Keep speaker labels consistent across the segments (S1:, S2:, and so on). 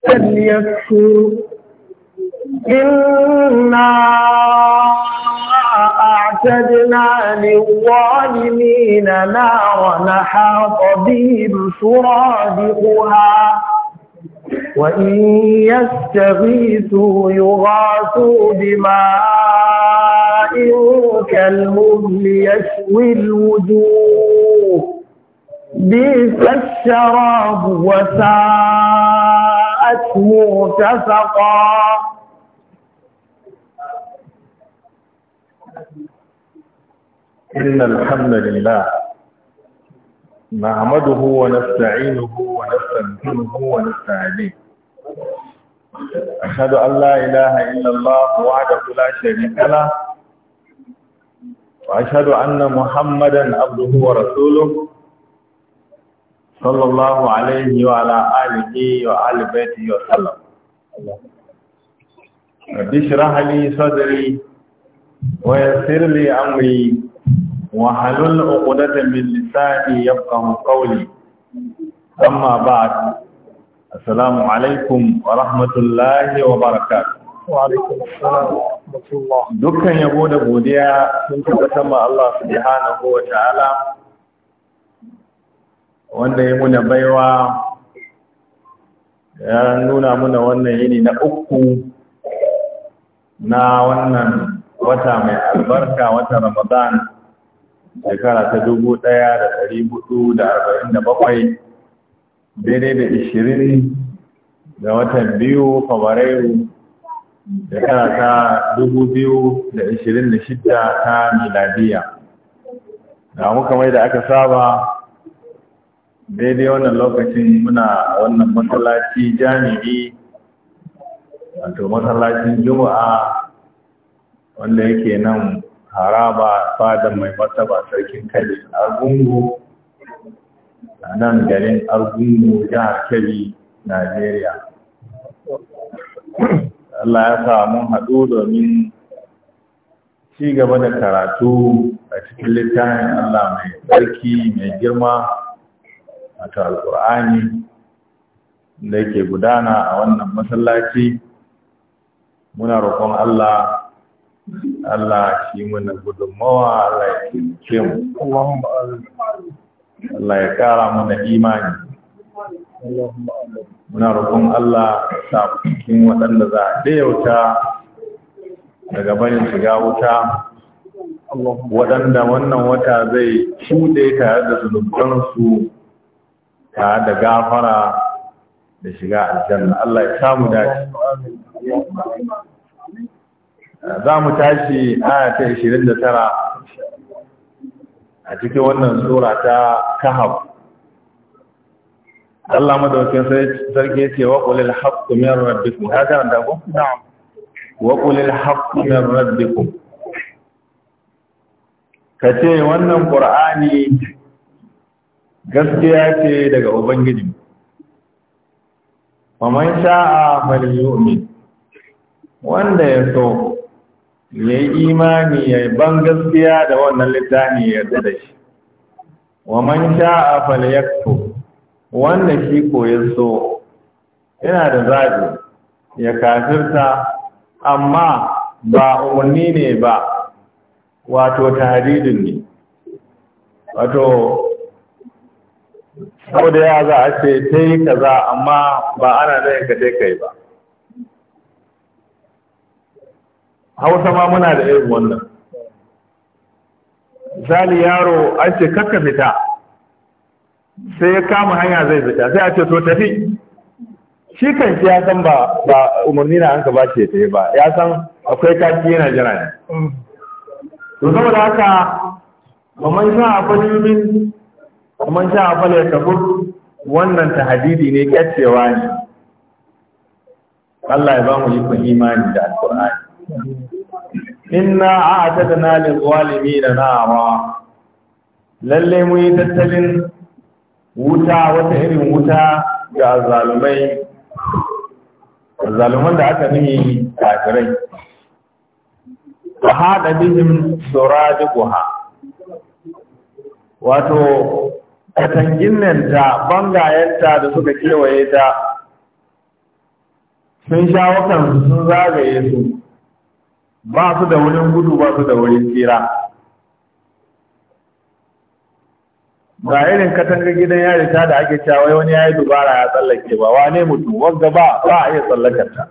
S1: إنا أعتدنا للظالمين نارا حاط بهم سرادقها وإن يستغيثوا يغاثوا بماء كالمهل يشوي الوجوه بئس الشراب وسائر فجعلته مرتسقا إن الحمد
S2: لله نعمده ونستعينه ونستغفره ونستعينه أشهد أن لا إله إلا الله وحده لا شريك له وأشهد أن محمدا عبده ورسوله sallallahu alaihi wa ala alihi wa ali baiti wa sallam rabbi shrah li sadri wa yassir li amri wa halul uqdatan min lisani yafqahu qawli amma ba'd assalamu alaikum wa wa wa alaikum assalam dukkan yabo da godiya sun tabbatar ma Allah subhanahu wa ta'ala wanda ya muna baiwa ya nuna muna wannan yini na uku na wannan wata mai albarka wata ramadan shekara ta dubu ɗaya da dari hudu da arba'in da bakwai daidai da ishirin da watan biyu fabrairu shekara ta dubu biyu da ishirin da shidda ta miladiya da muka mai da aka saba daidai wannan lokacin muna wannan masallaci jami'i wato masallacin juma'a wanda yake nan haraba fadar mai martaba sarkin kari argungu a nan garin argungu jihar kebbi najeriya Allah ya sa mun haɗu domin ci gaba da karatu a cikin littafin Allah mai tsarki mai girma wato alƙur'ani da yake gudana a wannan masallaci muna roƙon Allah Allah shi muna gudunmawa Allah ya kimce mu Allah ya ƙara mana imani muna roƙon Allah ta cikin waɗanda za a ɗayauta daga barin shiga wuta waɗanda wannan wata zai shuɗe tare da zunubansu ta da gafara da shiga aljanna Allah ya samu dace za mu tashi ayata 29 a cikin wannan sura ta kahab Allah madaukin sarki ce wa qulil haqqu min rabbikum ka karanta ko na'am wa qulil haqqu min rabbikum kace wannan qur'ani gaskiya ce daga ubangiji faman sha'a falyu'min wanda ya so ya yi imani ya ban gaskiya da wannan littafi ya da shi wa man sha'a falyaktu wanda shi ko so yana da zaɓi ya kafirta amma ba umarni ne ba wato tahdidin ne wato ko da ya za a ce ta yi kaza amma ba ana da yanka dai kai ba hausa ma muna da irin wannan misali yaro an ce kakka fita sai ya kama hanya zai fita sai a ce to tafi shi kan ya san ba umarni na an ba ce ya tafi ba ya san akwai kaki yana jira ne to saboda haka
S1: mamman sha a
S2: fadimin kuma sha afal ya kafur wannan ta hadidi ne ƙyacewa ne Allah ya ba mu kun imani da alƙur'ani inna a'tadna lil zalimin nara lalle mu yi tattalin wuta wata irin wuta ga zalumai zaluman da aka nuni kafirai wa hada bihim suradiquha wato bangayen bangayenta da suka kewaye ta sun sha wakansu sun zagaye su ba su da wurin gudu ba su da wurin tsira ga irin katanga gidan yari ta da ake cewa wani ya yi dubara ya tsallake ba ne mutum wanda ba ba a iya tsallakarta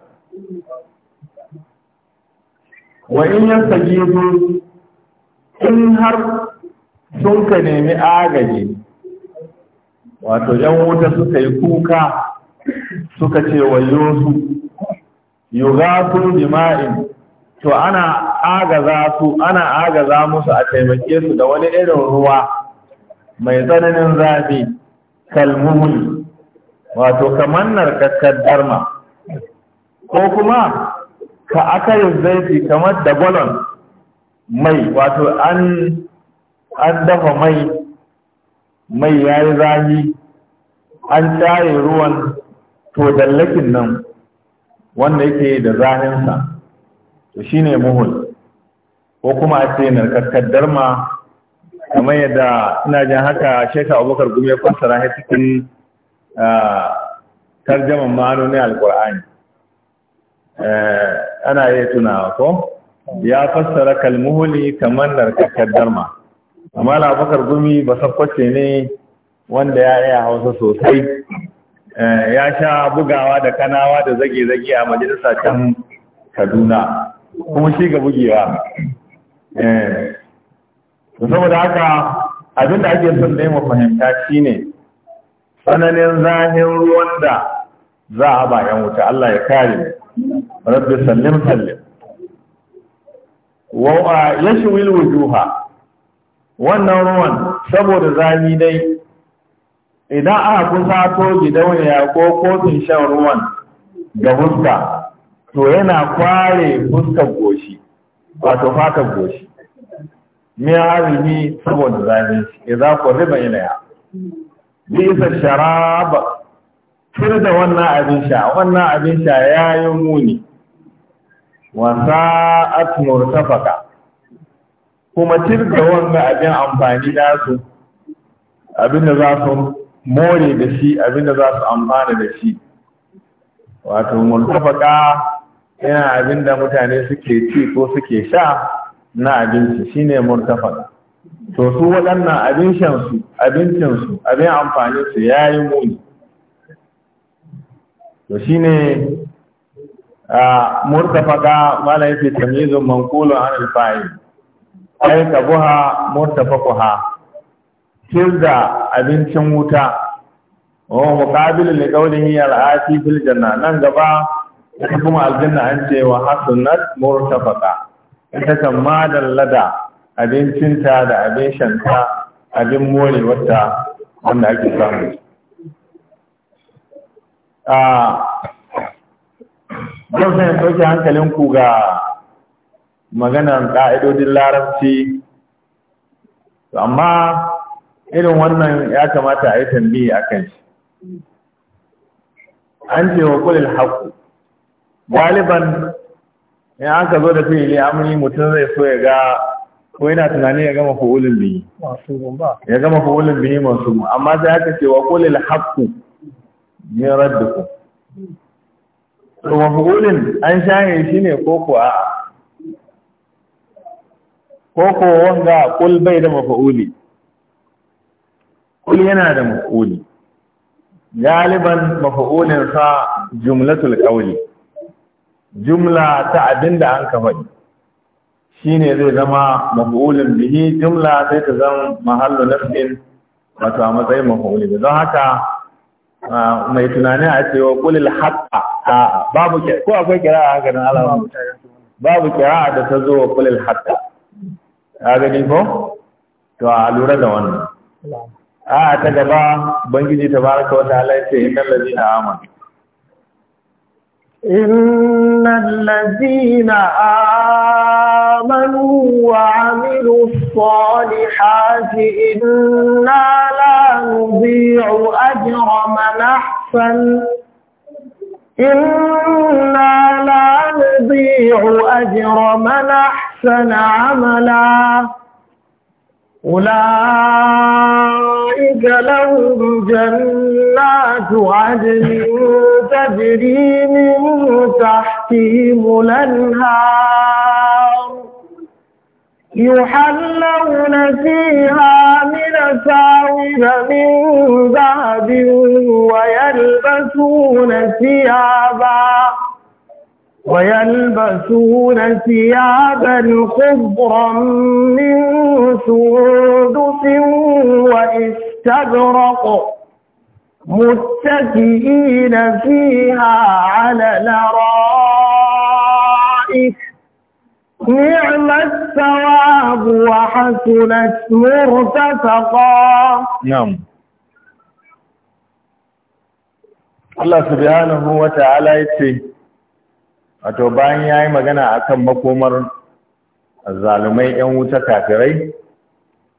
S2: wa in yan sagi in har sun ka nemi agaji wato yan wuta suka yi kuka suka ce wayo su yughatu bima'in to ana agaza su ana agaza musu a taimake su da wani irin ruwa mai tsananin zafi kalmuhul wato kamar narkakkar darma ko kuma ka aka yi zafi kamar da gwalon mai wato an dafa mai mai ya yi rani an caye ruwan to dallakin nan wanda yake da zaninsa to shine muhul ko kuma a ce narkakkar darma kamar yadda ina jin haka shekha abubakar gumi ya fassara rahe cikin tarjaman ma'anonin alkur'ani eh, ana yi tunawa ko ya fassara kalmuhuli kamar narkakkar darma amma na gumi ba sakwace ne wanda ya yi a hausa sosai eh, ya sha bugawa da kanawa da zage-zage a majalisa can kaduna kuma shi ga bugewa eh, saboda haka abinda ake son da fahimta fahimta shine tsananin zahin ruwan da za a bayan wuta Allah ya kare rabbi sallim sallim wa yashwil wujuha wannan ruwan saboda zami dai idan aka kusa to ya ko kotun shan ruwan ga fuska to yana kware fuskar goshi wato fatar goshi min arziki saboda zami idan ku riba ilaya bi isa sharab fir da wannan abin sha wannan abin sha yayin muni wasa at murtafaka kuma tirga wanga abin amfani na abin da za su more da shi abin da za su amfana da shi wato multafaka yana abin da mutane suke ci ko suke sha na abinci shine multafaka to su waɗannan abincinsu abin su ya yi muni to ne a murtafaka mala yake tamizun mankulun anan alfa'il ai ka buha murtafaquha tilda abincin wuta oh muqabil li qawlihi al-ati fil janna nan gaba kuma aljanna an ce wa hasunat murtafaqa ita kan ma abincin abincinta da abin shanta abin more wata wanda ake samu a ah, yau sai ɗauke hankalinku ga maganan ƙa'idodin larabci amma irin wannan ya kamata a yi tambi a kan shi an ce wa kulil haƙu galiban in aka zo da fili amini mutum zai so ya ga ko yana tunanin ya gama fa’ulun bihi ya gama fa’ulun bihi masu amma sai aka ce wa kulil haƙu min raddukum to mafulin an shaye shi ne ko ku a ko ko wanga kul bai da mafa'uli kul yana da mafa'uli galiban mafa'ulin sa jumlatul qawli jumla ta abinda an ka faɗi shine zai zama mafa'ulin bihi jumla sai ta zama mahallu nafsin wato a matsayin mafa'uli don haka mai tunani a cewa kulil haqqa babu ko akwai kira'a haka nan Allah babu kira'a da ta zo wa kulil haqqa ka gani ko to a lura da wannan a ta gaba bangiji tabaraka wa ta'ala yace innal ladina
S1: amanu innal ladina amanu wa amilus salihati inna la nudhi'u ajra man ahsana إنا لا نضيع أجر من أحسن أحسن عملا أولئك لهم جنات عدن تجري من تحتهم الأنهار يحلون فيها من أساور من ذهب ويلبسون ثيابا ويلبسون ثيابا خضرا من سندس واستبرق متكئين فيها على الارائك نعم الثواب وحسنت مرتفقا
S2: نعم الله سبحانه وتعالى يتفيه wato bayan ya yi magana a kan makomar zalumai 'yan wuta kafirai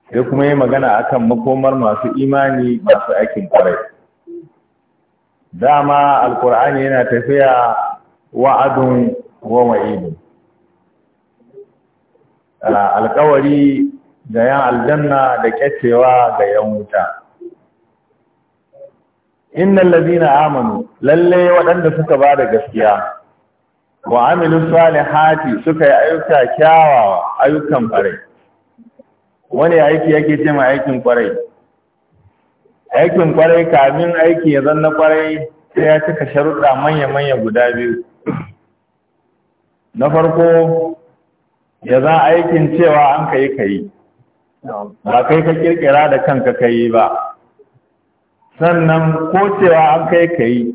S2: sai kuma yi magana a kan makomar masu imani masu aikin kwarai dama alkur'ani yana tafiya wa'adun goma ido alkawari ga yan aljanna da kyacewa ga yan wuta Inna ladina amanu lallai waɗanda suka ba da gaskiya wa amilu salihati suka yi ayyuka kyawawa ayyukan kwarai wani aiki yake ce ma aikin kwarai aikin kwarai kamin aiki ya zanna kwarai sai ya cika sharuɗa manya-manya guda biyu na farko ya za aikin cewa an kai kai ba kai ka kirkira da kanka kai ba sannan ko cewa an kai kai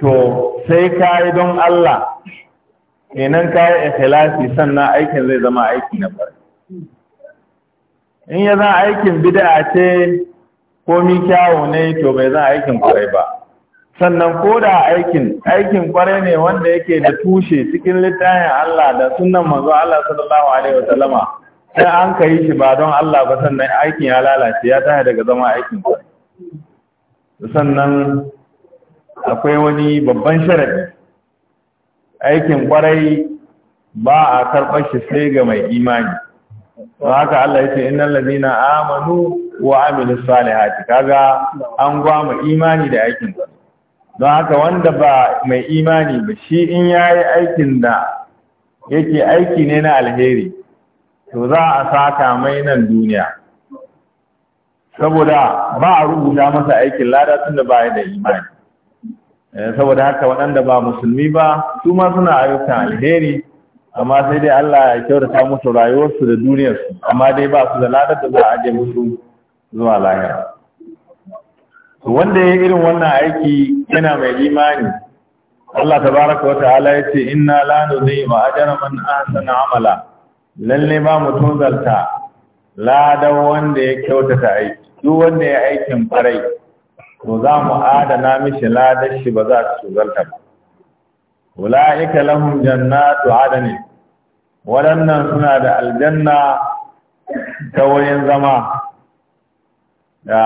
S2: to sai ka yi don Allah kenan ka yi ikhlasi sannan aikin zai zama aiki na fara in ya za aikin bid'a ce komi kyawo ne to bai za aikin kwarai ba sannan ko da aikin aikin kwarai ne wanda yake da tushe cikin littafin Allah da sunnan manzo Allah sallallahu alaihi wasallama sai an kai shi ba don Allah ba sannan aikin ya lalace ya tashi daga zama aikin kwarai sannan akwai wani babban sharadi aikin kwarai ba a karɓar shi sai ga mai imani
S1: don haka Allah ya ce
S2: innal ladina amanu wa amilu salihati kaga an gwama imani da aikin kwarai don haka wanda ba mai imani ba shi in yayi aikin da yake aiki ne na alheri to za a saka mai nan duniya saboda ba a rubuta masa aikin lada da ba da imani Eh, saboda haka waɗanda ba musulmi ba su ma suna ayyuka alheri amma sai dai Allah ya kyautata musu rayuwarsu da duniyarsu amma dai ba su da ladar da za a je musu zuwa lahira wanda ya irin wannan aiki yana mai imani Allah tabaraka wata'ala ya ce inna la ma ajra man ahsana amala lalle ba mu tunzalta ladan wanda ya kyautata aiki duk wanda ya aikin farai to za mu adana mishi ladar shi ba za su cutarta ba ula'ika lahum jannatu adani waɗannan suna da aljanna ta wurin zama da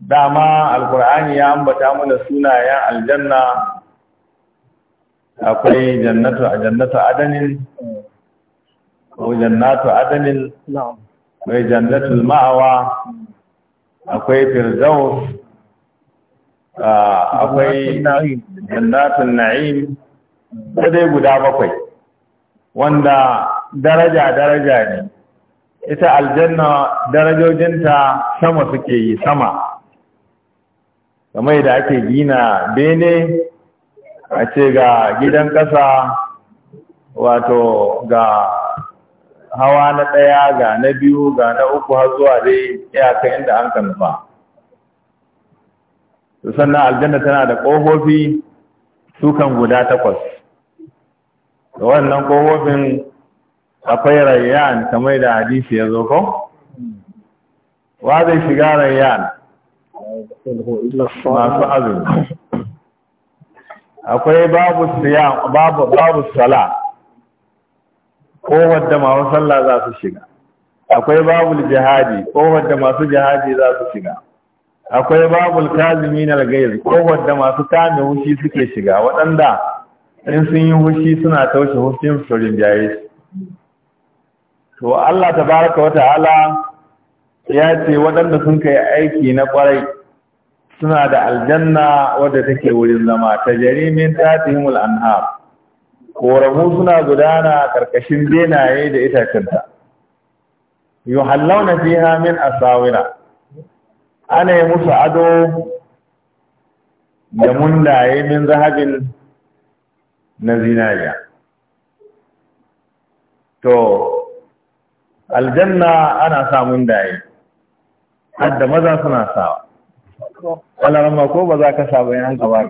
S2: dama alkur'ani ya ambata mana sunayen aljanna akwai jannatu a jannatu adanin ko jannatu adanin akwai jannatul ma'awa akwai firdaus Ah, akwai jannatun na'im ta guda bakwai wanda daraja-daraja ne ita aljanna darajojinta sama suke yi sama kamar da ake gina bene a ce ga gidan ƙasa wato ga hawa na ɗaya ga na biyu ga na uku har zuwa dai iyakan inda an kanfa sannan aljanna tana da ƙofofi sukan guda takwas da wannan ƙofofin akwai rayyan kamar da hadisi ya zo ko wa zai shiga rayyan masu azumi akwai babu babu babu sala ko wadda masu sallah za su shiga akwai babu jihadi ko wadda masu jihadi za su shiga akwai babul kazimi na gairi ko wadda masu kame hushi suke shiga waɗanda in sun yi hushi suna taushe hushin su to Allah baraka wata ala ya ce waɗanda sun kai aiki na ƙwarai suna da aljanna wadda take wurin zama ta jarimin tatihimul anhar koramu suna gudana karkashin benaye da itacenta na fiha min sawina ana yi musu ado da mundaye min zahabin na zinariya to aljanna ana sa mundaye
S1: hadda maza
S2: suna sawa alarma ko ba za ka saba yin hanka ba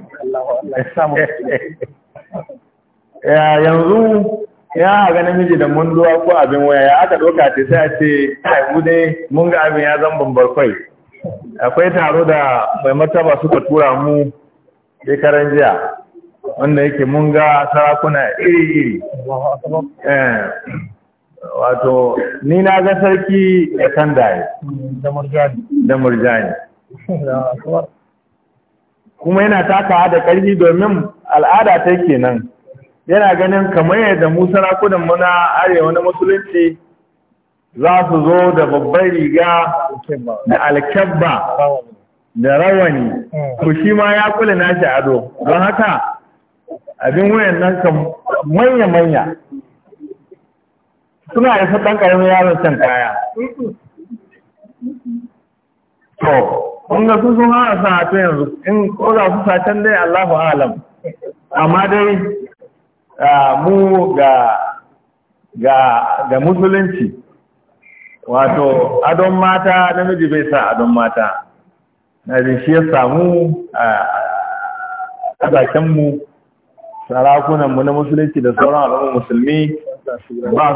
S2: yanzu ya ga namiji da zuwa ko abin waya ya aka ɗauka ce sai a ce mu dai mun ga abin ya zan bambar kwai akwai taro da mai mataba suka tura mu shekaran jiya wanda yake mun ga sarakuna iri-iri eh, wato ni na ga sarki da da murjani kuma yana taka da karfi domin al'ada ta nan, yana ganin kamar yadda mu sarakunan mu na arewa na musulunci za su zo da babbar riga da alkabba da rawani ku shi ma ya kula nashi ado don haka abin wayan nan kan manya-manya
S1: suna isa ɗan ƙaramin yaron can
S2: kaya to kun ga su sun hana sa hatu yanzu in ko za su can dai Allahu alam
S1: amma dai
S2: ah, mu ga musulunci wato adon mata namiji bai sa adon mata na zai shi ya samu a mu sarakunanmu na musulunci da sauran al'ummar musulmi ba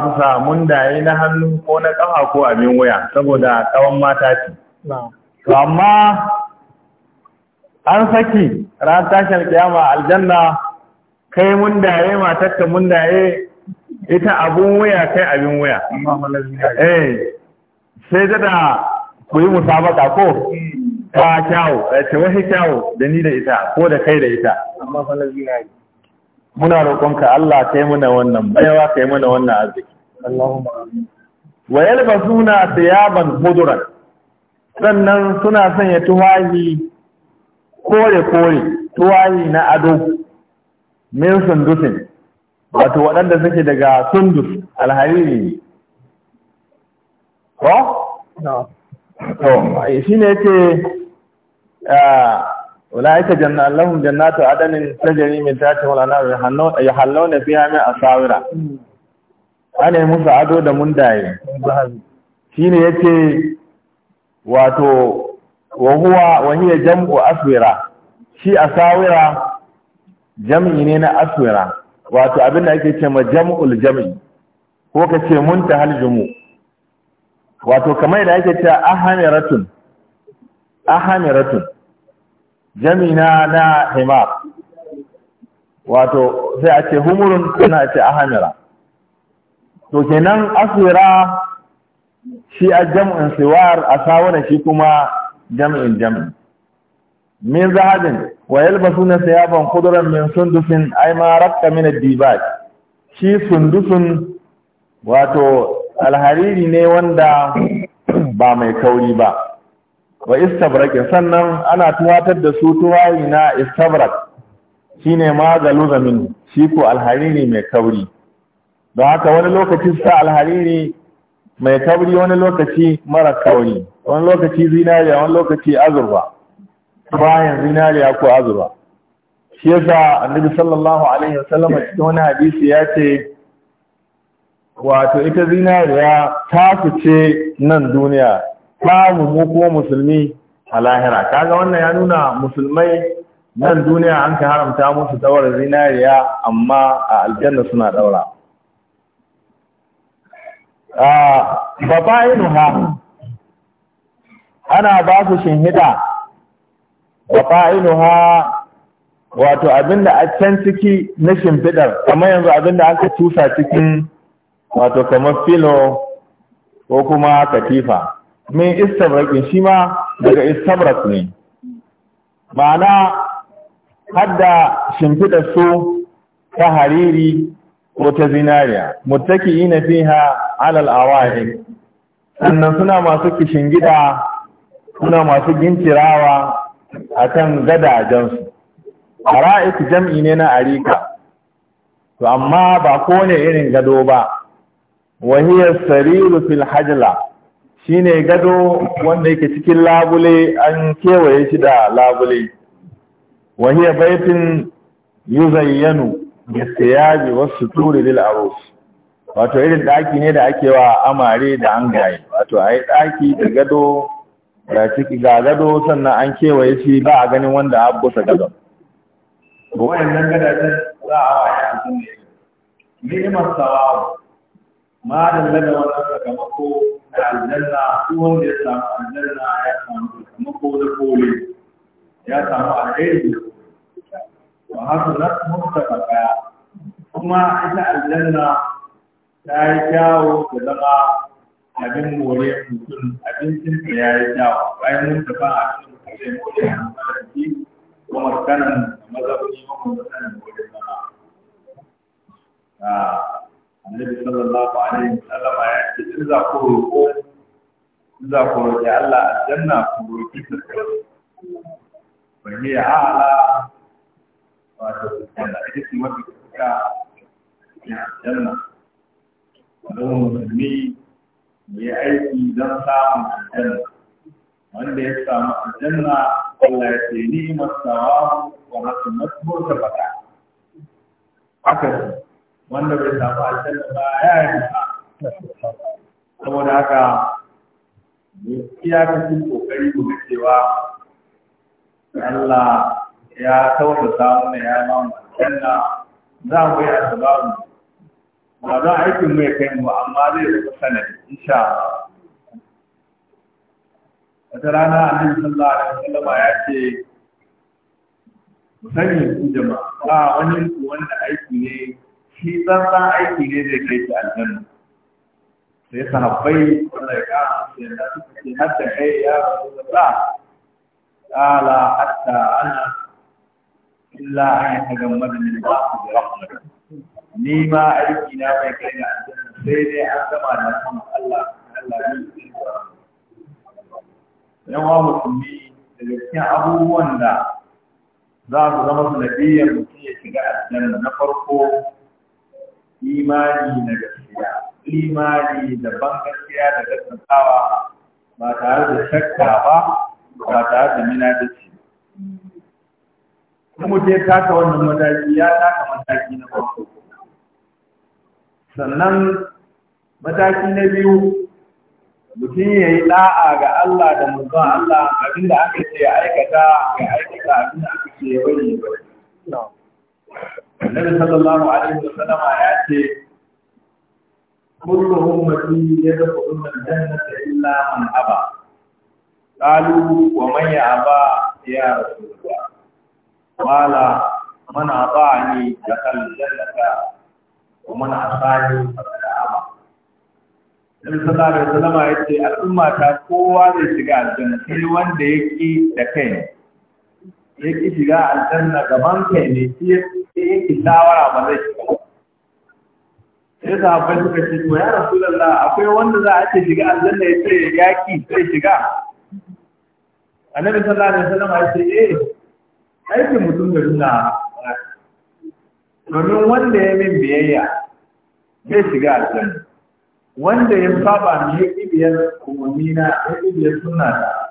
S2: su sa mundaye na hannu ko na ƙafa ko abin waya saboda tsawon mata ce amma an saki ran tashin kiyama aljanna kai mundaye matakka mundaye ita abin waya kai abin waya sai da ku yi musabaka ko ta hmm. kyawu ta eh, wahi kyawu da ni da ita ko da kai da ita amma fa yi muna roƙonka Allah yi mana wannan baiwa yi mana wannan arziki Allahumma amin wa yalbasuna thiyaban huduran sannan suna sanya tuwahi kore kore tuwahi na ado min sundusin wato waɗanda suke daga sundus alhariri
S1: ko? to
S2: shi ne ce ulaika janna lahum jannatu adanin tajri min tahtiha al-anhar yahalluna fiha min asawira mm. ana yi musu ado da mundaye shine yace wato wa huwa wa hiya jam'u aswira shi asawira jam'i ne na aswira wato abin ake ce ma jam'ul jam'i ko ka ce kace muntahal jumu' wato kamar da ake cewa ahamiratun ahamiratun jamina na himar wato sai a ce humurun suna ce ahamira to kenan asira shi a jam'in siwar a sawuna shi kuma jam'in jam'in min zahabin wa na sayaban kuduran min sundusin aima rakka min dibaj shi sundusun wato alhariri ne wanda ba mai kauri ba wa istabrake sannan ana tuwatar da su tuwayi na istabrak shine magalu zamin shi ko alhariri mai kauri don haka wani lokaci sa alhariri mai kauri wani lokaci mara kauri wani lokaci zinariya wani lokaci azurwa. bayan zinariya ko azurwa. shi yasa annabi sallallahu alaihi wasallam cikin wani hadisi ya ce wato ita zinariya ta fice nan duniya ta mu kuma musulmi a lahira kaga wannan ya nuna musulmai nan duniya an ka haramta musu daura zinariya amma a aljanna suna daura baba'inuha ana ba su shinhida baba'inuha wato abinda a can ciki na shimfidar kamar yanzu abinda aka tusa cikin wato kamar filo ko kuma katifa min istabrakin shi ma daga istabrak ne ma'ana hadda shimfiɗa su ta hariri ko ta zinariya yi na ha alal awahi sannan suna masu kishin gida suna masu gincirawa a akan gadajensu ara'ik jam'i ne na arika to amma ba ne irin gado ba wahiyar sariru fil hajla ne gado wanda yake cikin labule an kewaye shi da labule wahiyar baitin yuzayyanu da siyabi wasu turi lil arus wato irin ɗaki ne da ake wa amare da an gaye wato a yi ɗaki da gado da ciki ga gado sannan an kewaye shi ba a ganin wanda a busa gado ba wayan nan gadajen za a waya ni'imar sawawa ma da lada wannan sakamako da aljanna ko wanda ya samu aljanna ya samu sakamako da kole ya samu alheri da kole wa haka na mutaka kuma ita aljanna ta yi kyawo da zama abin more mutum abincin da ya yi kyawo bayan mun tafa a cikin kare more a malarki kuma kanan mazauni
S1: kuma mutanen
S2: more zama ah. annabi sallallahu alaihi wasallam ya ce in za ku roƙo in za ku roƙi Allah aljanna ku roƙi ta fa hiya a'la wa ta tsala ita ce mafi kuka ya aljanna don musulmi ya aiki don samun aljanna wanda ya samu aljanna Allah ya ce ni masawa wa masu masu bauta baka haka wanda bai samu aljanna ba ya yi ba saboda haka iyakacin kokari mu ga cewa Allah ya tawata samu ya yi mamu aljanna za mu yi asibabin ba za aikin mu ya kai mu amma zai rufe sanadi insha Allah wata rana annabi sallallahu alaihi wasallam ya ce sani ku jama'a ba wani wanda aiki ne shi tsantsan aiki ne zai kai shi aljanna sai sahabbai wanda ya kara musu yadda suka ce har da kai ya rasu da za ƙala hatta ana illa an yi tagammada ne ba su da rahmatu ni ma aiki na bai kai ga aljanna sai dai an gama da kan Allah Allah ne zai ba yan wa musulmi daga cikin abubuwan da za su zama sanadiyyar mutum ya shiga aljanna na farko imani na gaskiya imani da ban gaskiya da gaskatawa ba tare da shakka ba ba tare da minajici kuma je taka wannan mataki ya taka mataki na farko sannan mataki na biyu mutum ya yi da'a ga Allah da mutum Allah abin da aka ce aikata ga aikata abin da aka ce ya bari annabi sallallahu alaihi wa sallama ya ce kullu ummati yadkhuluna al-jannata illa man aba qalu wa man ya'ba ya rasulullah qala man ata'ani dakhala al-jannata wa man asani faqad aba Nabi sallallahu alaihi wa sallama ya ce al'umma ta kowa zai shiga aljanna sai wanda yake da kai ya ki shiga aljanna gaban kai ne shi ya ki ba zai shiga sai sahabbai suka ce to ya rasulullah akwai wanda za a ce shiga aljanna ya ce ya ki sai shiga annabi sallallahu alaihi wasallam ya ce eh aikin mutum da nuna domin wanda ya min biyayya zai shiga aljanna wanda ya saba ne ya ki biyar umarni na ya ki biyar sunna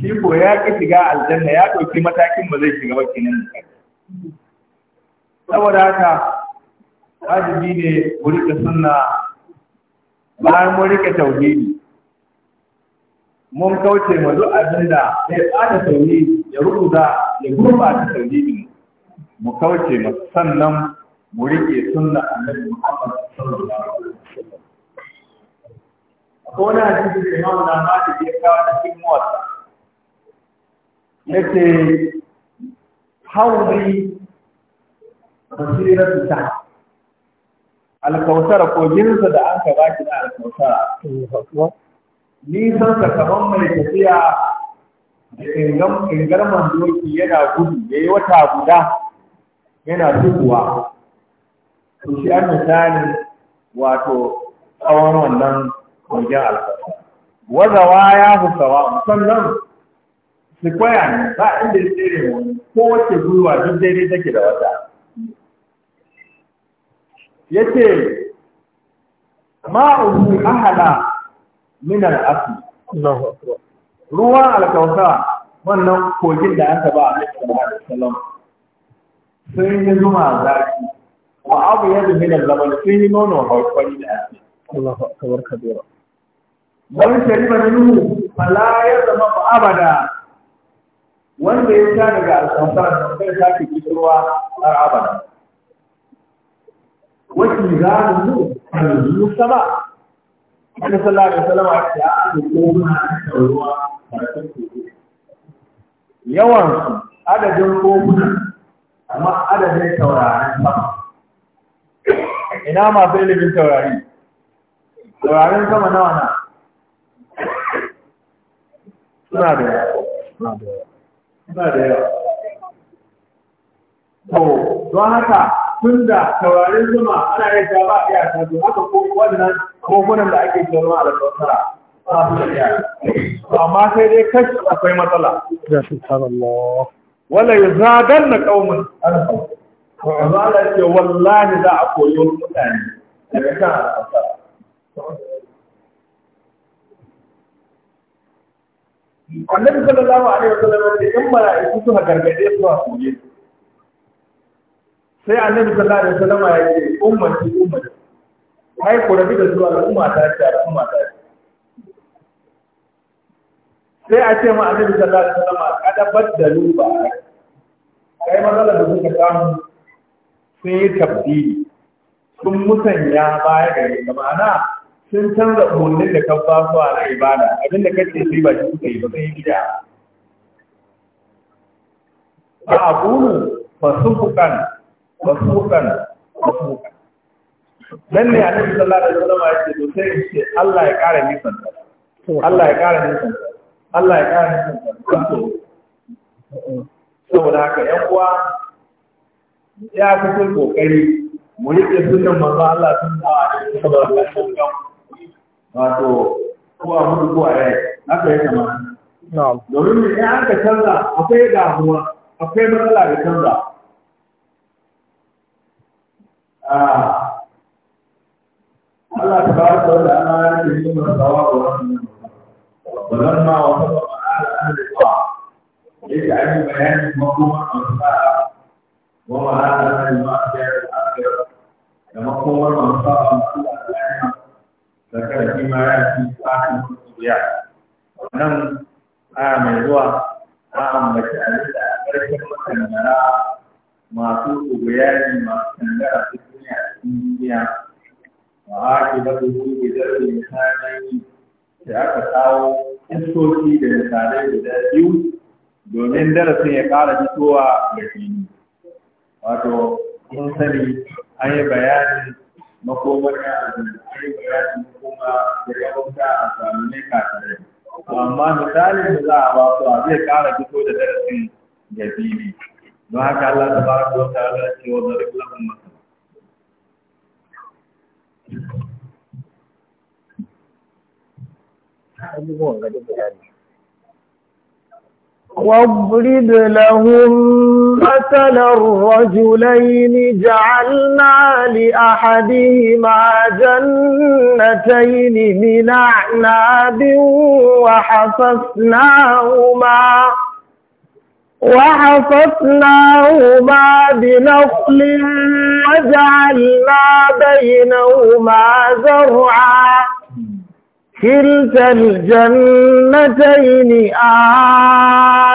S2: shi ko ya ki shiga aljanna ya ɗauki matakin ba zai shiga ba kenan da saboda haka wajibi ne mu rike sunna bayan mu rike tauhidi mun kauce ma duk abin da ya tsada tauhidi ya rubuta ya gurbata tauhidi mu kauce ma sannan mu rike sunna annabi Muhammad sallallahu alaihi wasallam ko na hadisi da Imam Ahmad ya kawo da cikin muwatta yake hauri basirar ta alkautara ko jinsa da an ka baki da alkautara nisan ka kaman mai tafiya da ingarman doki yana gudu ya yi wata guda yana tukuwa to shi an wato tsawon wannan kogin alkautara wazawa ya fi sawa sannan Sikwaya ne ba inda ya tsere mu ko wace gwiwa duk daidai take da wata. Ya ce, ma'uhu ahala min al'afi. Ruwan alkausa wannan kogin da aka ba a Alaihi Salam sun yi zuma zaki wa abu ya zumi da zaman sun yi nono haukwari da ake. Allah akbar kabira. Wani shari'a na Nuhu, fala ya zama abada wanda ya sha daga alƙawar da ya sake kisurwa har rabar. wakil za mu yanzu sama wani sallah ah, da salama a cikin aka koma cikin ruwa cikin teku yawan adadin koguna amma adadin taurarin sama ina masu ilimin taurari taurarin sama nawa na suna da
S1: yawa
S2: suna da yawa to don haka tun da taurarin zuma ana yin ta ba iya ta to haka ko wannan kogunan da ake cewa a alƙawara amma sai dai kashi akwai matsala ya subhanallah wala yuzadanna qaumun alfa Allah ya ce wallahi za a koyo mutane daga kan alƙawara annabi sallallahu alaihi wasallam ya ce in mala'iku suka gargade su a kuje sai annabi sallallahu alaihi wasallam ya ce ummati ummati kai ku rabi da zuwa al'umma ta ce al'umma ta sai a ce ma annabi sallallahu alaihi wasallam kada baddalu ba kai matsalar da kuka samu sai tabdili sun musanya baya gare ma'ana sun canza umarnin da ka ba su a na ibada abinda ka ce sai ba shi suka yi ba sai gida ba a kunu ba su fukan ba su hukan ba su fukan nan ne a cikin sallallahu da zama ya ce to sai ce Allah ya kara nisan Allah ya kara nisan Allah ya kara nisan saboda haka yan uwa ya fi kokari mu rike sunan manzo Allah sun da a cikin sabar da wato ko a mutu ko a rai haka ya kamata domin mu in aka canza akwai damuwa akwai matsala da canza ah. Allah ta ba ta wanda ana yake yi mana tsawa ga wannan bazan ma wata ba ma'ala an da ba ya yake an yi bayanin makomar masu sa'a wa ma'ala an da ma'a da makomar masu sa'a masu zakar shi ma ya fi tsakin kuriya wannan aya mai zuwa a ambaci a da ƙarshen makangara masu tsogayani masu kangara su duniya cikin duniya a ake da kuku da zarfi misalai da aka kawo iskoki da misalai guda biyu domin darasin ya ƙara fitowa ga fili wato mun sani an yi bayanin makomar ya yi bayanin kuma da ya bauta a zamanin kafirai amma misalin da za a ba su zai ƙara fito da darasin da bibi don haka Allah ta ba su wata da rikulakun
S1: masu abubuwan bayani واضرب لهم مثلا الرجلين جعلنا لأحدهما جنتين من أعناب وحفظناهما وحفظناهما بنخل وجعلنا بينهما زرعا كلتا الجنتين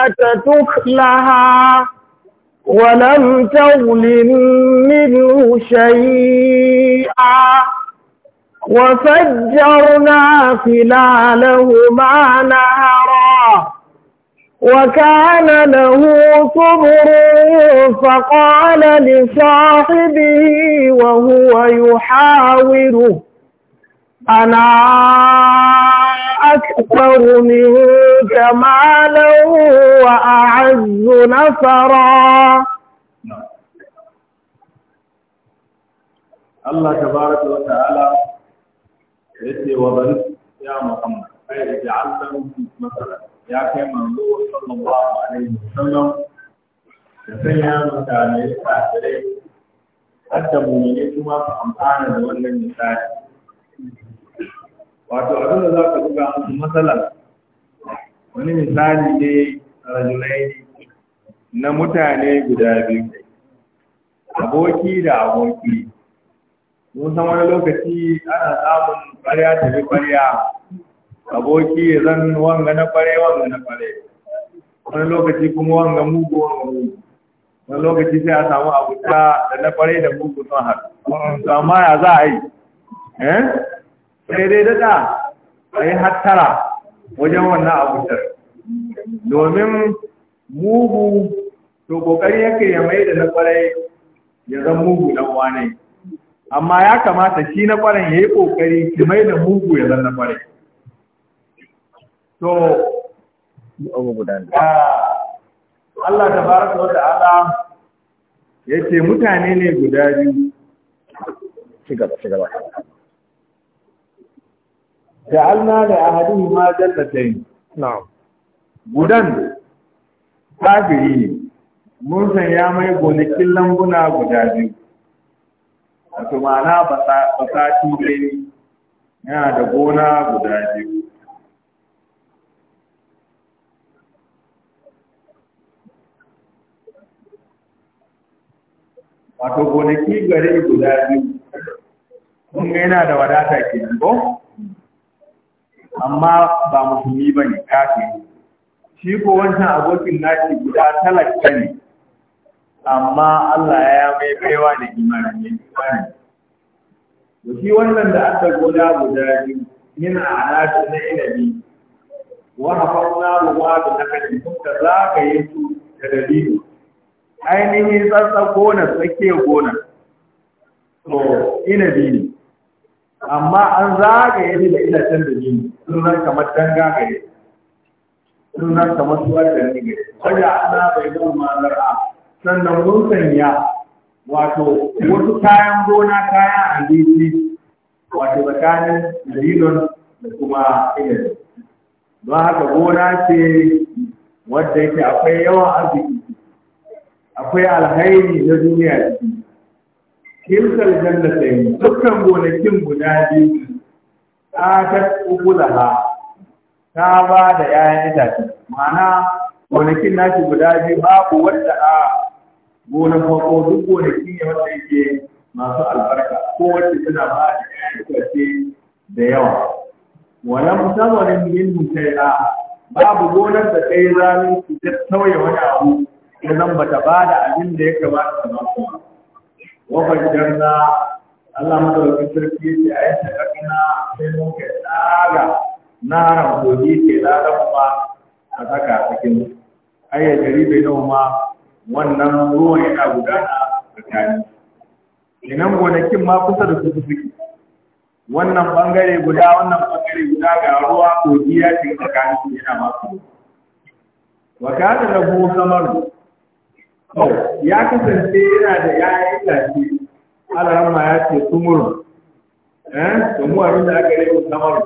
S1: آتت أخلها ولم تظلم منه شيئا وفجرنا خلالهما نهرا وكان له صبر فقال لصاحبه وهو يحاوره أنا أكثر منك مالا وأعز نفرا
S2: الله تبارك وتعالى يأتي وضرب يا محمد أي جعلتم مثلا يا كما منظور صلى الله عليه وسلم تسمى مثلا يسعى إليه حتى مؤمنين ما فهمتانا لولا النساء wato abin da za ka buga matsala wani misali ne a rajulai na mutane guda biyu aboki da aboki mun san wani lokaci ana samun ƙarya ta bi ƙarya aboki ya zan wanga na kware wanga na kware wani lokaci kuma wanga mugu wanga mugu wani lokaci sai a samu abuta da na kware da mugu sun haɗu to amma ya za a yi eh sai dai daɗa a yi hattara wajen wannan abutar domin mugu to ƙoƙari yake ya mai da na ƙwarai ya zan mugu ɗan wane amma ya kamata shi na ƙwarai ya yi ƙoƙari ki mai da mugu ya zan na ƙwarai to ah, Allah ta baraka da ala ya ce mutane ne guda biyu. shiga ja'alna li ahadihima jannatayn na'am gudan kafiri ne mun san ya mai gonakin lambuna guda biyu wato ma'ana basati ne yana da gona guda biyu wato gonaki gari guda biyu kun yana da wadata ke ko amma ba musulmi ba ne kafi shi ko wancan abokin nashi guda talaka ne amma Allah ya mai baiwa da imanin ya imani da shi wannan da aka guda guda ne yana alaƙa na inabi wa hafafna ruwa da na kashe kuka za ka yi su da dalilu ainihin tsatsa gona tsakiyar gona to inabi ne amma an zagaye ne da can da jini sunan kamar danga gare sunan kamar suwa da ni gare wajen ana bai zama ma'anar a sannan mun sanya wato wasu kayan gona kayan abinci wato tsakanin dalilon da kuma ilimi don haka gona ce wadda yake akwai yawan arziki akwai alhairi na duniya ciki tilkal jannatain dukkan gonakin guda biyu atat ukulaha ta ba da 'ya'yan itace ma'ana gonakin nashi guda biyu babu wanda a gonar farko duk gonakin ya wanda yake masu albarka ko wacce tana ba da 'ya'yan itace da yawa musamman yin min a babu gonar da kai zalunci ta sauya wani abu idan bata ba da abin da ya kamata ta ba وفجرنا الله مدعو بسركي في عيسى لكنا ke كتاغا a saka a cikin أتاكا أتكين أي جريب ma wannan ruwan yana gudana tsakani kenan gonakin ma kusa da su suke wannan bangare guda wannan bangare guda ga ruwa kogi ya shiga tsakanin yana masu wa na lahu samaru ya kasance yana da yayin lafi alarama ya ce tumurun eh domin abin da aka yi kamar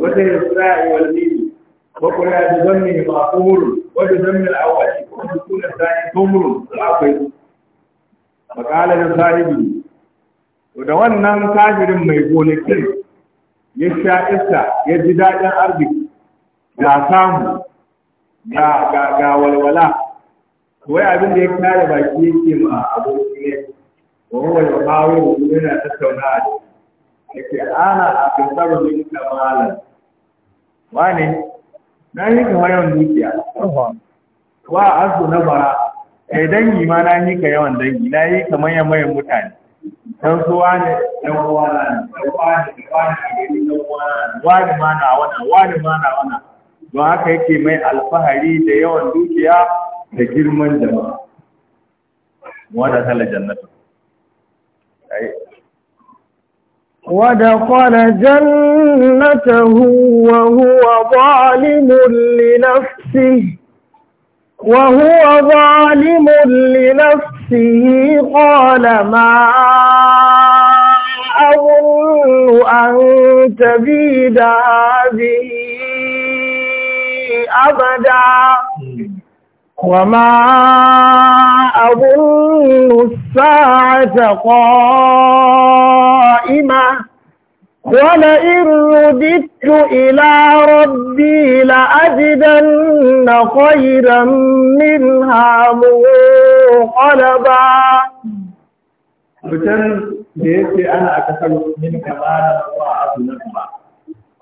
S2: wata ya sura a yi walmini ko kuma ya zanni zan ne ma da zanni al mil awali ko da kuna sani tumurun da akwai makala da sahibi da wannan kafirin mai gonakin ya sha isa ya ji dadin arziki ga samu ga walwala wai abin da ya kare baki yake ma aboki ne wa huwa yuhawiru yana tattaunawa da yake ana a kasar min kamalan wani na yi ka yawan dukiya wa azu na bara kai dangi ma na yi ka yawan dangi na yi ka manyan manyan mutane dan su wani dan uwana na wani dan wani a gari dan wani wani ma na wana wani ma na wana don haka yake mai alfahari da yawan dukiya da girman jama'a wadda kala jannata
S1: wadda kwana jannata huwa-huwa zalimun linafsi wahuwa zalimun linafsi kwana ma abunlu an tabi da abada hmm. وما أظن الساعة قائمة ولئن رددت إلى ربي لأجدن خيرا منها منقلبا
S2: fitar da ya ce ana a kasar min da wa a sunan ba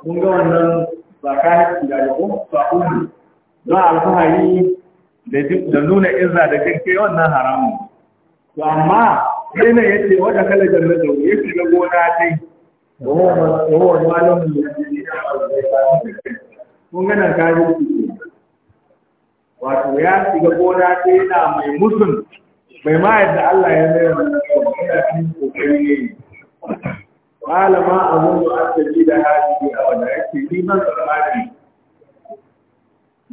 S2: kun ga wannan ba ka haƙi da ba kuma alfahari da nuna izza da jinke wannan haramun to amma sai ne yace wata kala jannatu ya ga gona dai wawan malon kun gana kaji wato ya ga gona dai na mai musun bai ma yadda Allah ya mai wannan kokari ne malama abun da aka ji da hadi a wanda yake liman tsammani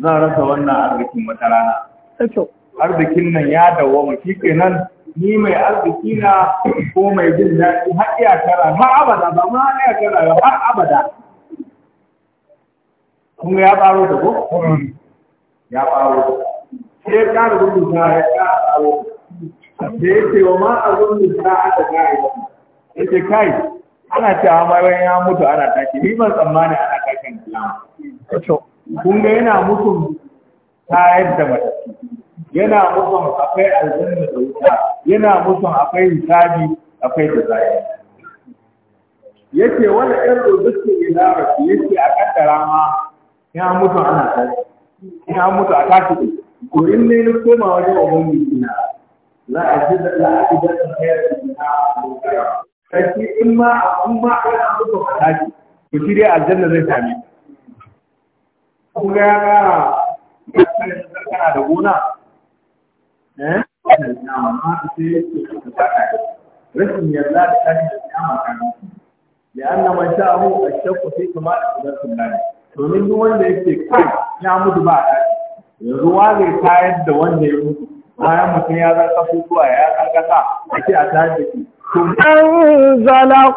S2: zan rasa wannan arzikin wata rana eh, arzikin nan ya mu shi kenan ni mai arziki na ko mai jin daɗi har iyakara har abada ba ma har ba har abada kuma ya ɓaro da ko ya ɓaro da sai ya ƙara rubuta ya ƙara ɓaro da ya ce wa ma a ta aka ƙara ya ce kai ana cewa ma bayan ya mutu ana tashi ni ban tsammani ana tashin kiyama kun ga yana mutum tayar da matattu yana mutum akwai aljanna da wuta yana mutum akwai hisabi akwai da zai yake wani ɗan rubutu na rafi yake a kaddara ma ya mutu ana tare ya mutu a tashi ko in ne na koma wajen ubangiji na za a ji da za a ji da tsayar da na sai in ma in ma ana mutu a tashi ko shi dai aljanna zai same ko ya ƙara kana da gona eh na ma sai ka saka rashin yarda da tashi da kiyama kan ya anna man sha'ahu ashaqqa fi kama qudratul lahi domin duk wanda yake kai ya mutu ba ta yanzu wa zai tayar da wanda ya mutu bayan mutum ya zarta ko ya zarta a ce a tayar da shi
S1: أنزل